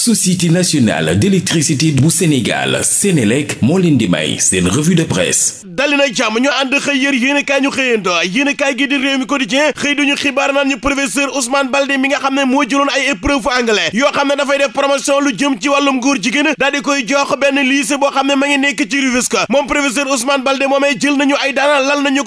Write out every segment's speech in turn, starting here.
société nationale d'électricité bu Sénégal Sénélec moo leen di may seen revue de presse dali jàmm ñu ànd xëy yër yéen ñu xëyanto yéen gi di réew mi quotidien xëy duñu xibaar naan ñu professeur Ousmane Baldé mi nga xam ne moo jëloon ay épreuve anglais yoo xam ne dafay def promotion lu jëm ci wàllum góor jigéen daal koy jox benn lycée boo xam ne ma ngi nekk ci Rufisque moom professeur Ousmane Baldé moomee jël nañu ay daana lal nañu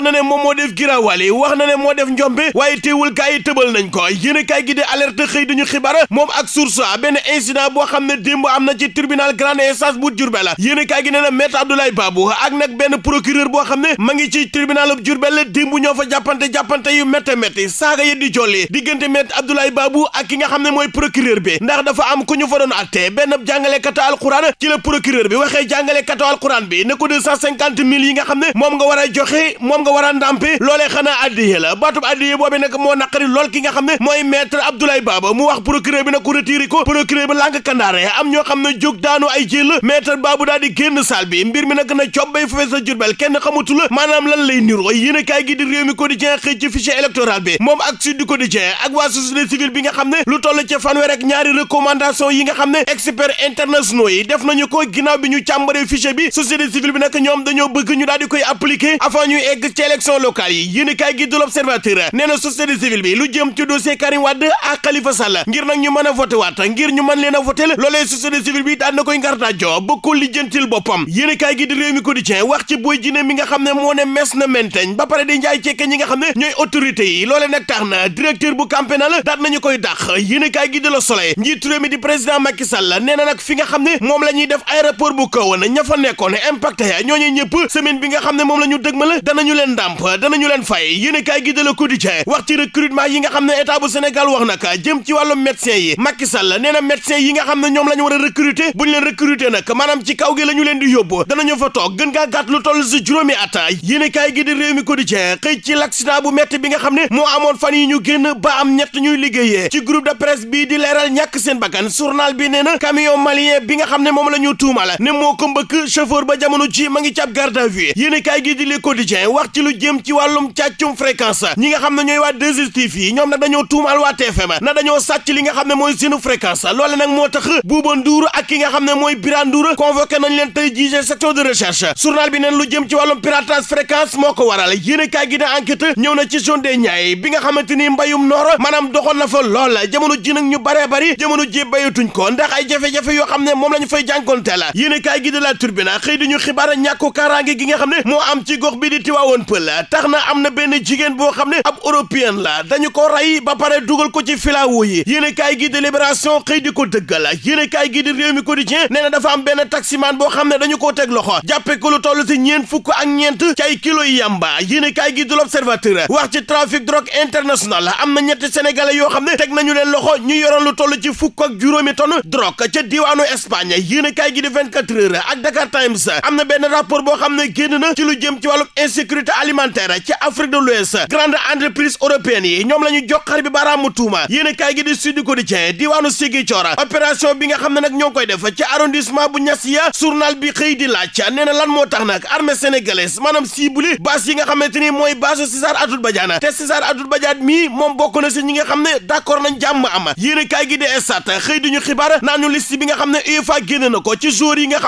na moo def giraawaali wax na yi tëbal nañ ko yéen kaay gi di alerte xëy duñu xibaar moom ak source benn incident boo xam ne démb am na ci tribunal grande instance bu Diourbel la yéen kaay gi nee na maître Abdoulaye Babou ak nag benn procureur boo xam ne ma ngi ci tribunal bu Diourbel la démb ñoo fa jàppante jàppante yu métte métti saaga yi di jolli diggante maître Abdoulaye Babou ak ki nga xam ne mooy procureur bi ndax dafa am ku ñu fa doon atte benn jàngalekatu alxuraan ci la procureur bi waxee mille yi nga xam ne moom nga war a joxe moom nga a ndàmpe loolee xanaa addiye la baatub addiye boobi nag moo lool ki nga xam ne mooy maître Abdoulaye Baba mu wax procureur bi na ko retiré ko procureur bi lànk kandaare am ñoo xam ne jóg daanu ay jël maître Babou daal di génn salle bi mbir mi nag na cobbay fofee sa jurbel kenn xamutul maanaam lan lay niro yéen a kaay gi di réew mi quotidien xëy ci fichier électoral bi moom ak sud du quotidien ak waa société civile bi nga xam ne lu toll ci fanweer ak ñaari recommandation yi nga xam ne experts internationaux def nañu ko ginnaaw bi ñu càmbaree fichier bi société civile bi nag ñoom dañoo bëgg ñu daal di koy appliquer avant ñuy egg ci a kaay gi de l'observateur nee na société civile bi lu jëm ci dossier Karim Wade a Khalifa Sall ngir nag ñu mën a voté waat ngir ñu mën leen a voté loolee société civile bi daan na koy ngardaajoo ba ko lijjantil boppam yéen kaay gi di réew mi quotidien wax ci Boy Djiné mi nga xam ne moo ne mes na menteñ ba pare di njaay cekke ñi nga xam ne ñooy autorité yi loole nag tax na directeur bu campagne la na ñu koy dàq yéen kaay gi di la Soleil njiit réew di président Macky Sall nee na nag fi nga xam ne moom la ñuy def aéroport bu kawoon ña fa nekkoon impacté ya ñooñu ñëpp semaine bi nga xam ne moom la ñu dëgmal danañu leen ndàmp danañu leen fay yéen kaay yi nga xam ne état bu Sénégal wax nag jëm ci wàllu médecin yi Macky Sall nee na médecin yi nga xam ne ñoom la ñu war a recruter bu leen recruter nag maanaam ci kaw gi lañu leen di yóbbu danañu fa toog gën ngaa gàtt lu toll si juróomi at yéene kaay gi di réew mi quotidien xëy ci l'accident bu métti bi nga xam ne moo amoon fan yi ñu génn ba am ñett ñuy liggéeyee ci groupe de presse bii di leeral ñàkk seen bakkan journal bi nee na camion malien bi nga xam ne moom la ñu tuumal ne moo ko mbëkk chauffeur ba jamono ji ma ngi cab garde à vue yéene kaay di le quotidien wax ci lu jëm ci wàllum càccum fréquence ñi nga xam ne ñooy waa 2 fii ñoom nag dañoo tuumaal waa TFM na dañoo sàcc li nga xam ne mooy seenu fréquence loole nag moo tax Bouba Ndour ak ki nga xam ne mooy Birane Ndour convoqué nañ leen tey jii section de recherche journal bi neen lu jëm ci wàllum piratage fréquence moo ko waral yéen a kaay gi na enquête ñëw na ci zone des Niayes bi nga xamante ni mbayum noor maanaam doxoon na fa lool jamono ji nag ñu baree bari jamono ji bayatuñ ko ndax ay jafe-jafe yoo xam ne moom la ñu fay jànkoonte la yéen a kaay gi de la am na am na benn jigéen boo xam ne dañu ko rey ba pare dugal ko ci filaawo yi yéen kaay gi de libération xëy di ko dëggal yéen kaay gi di réew mi quotidien nee na dafa am benn taximaan boo xam ne dañu ko teg loxo jàppe ko lu toll ci ñeent fukk ak ñeent ci ay kilo yi yàmba yéen kaay gi de l'observateur wax ci trafic drogue international am na ñetti sénégalais yoo xam ne teg nañu leen loxo ñu yoroon lu toll ci fukk ak juróomi tonne drogue ca diwaanu Espagne yéen kaay gi di 24 heures ak Dakar am na benn rapport boo xam ne génn na ci lu ci wàllum insécurité alimentaire ci Afrique de l'Ouest grande entreprise européenne yi moom la ñu joxar bi baaraamu tuuma yéen a kaay gi di Sud Quotidien diwaanu Ziguinchor opération bi nga xam ne nag ñoo koy def ci arrondissement bu ñas ya bi xëy di laaj nee na lan moo tax nag armée sénégalaise maanaam ciblé base yi nga xamante ni mooy base César Atoute Badiane te César Atoute Badiane mii moom bokk ñi nga xam ne d'accord nañ jàmm am yéen a kaay gi di Stades xëy di ñu xibaar naa ñu liste bi nga xam ne UEFA génn na ko ci joueurs nga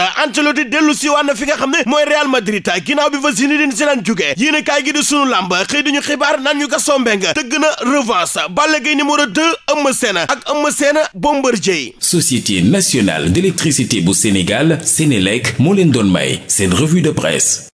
a Ancelotti dellu si waat na fi nga xam ne mooy Real Madrid ginnaaw bi fa Zinedine Zidane jógee yéen kaay gi di sunu làmb xëy di ñu xibaar naan ñu Gaston Mbengue tëgg na revanche Balla Gaye numéro 2 Eumeu Sène ak Eumeu Sène Bombardier Société nationale d'électricité bu Sénégal Sénélec moo leen doon may seen revue de presse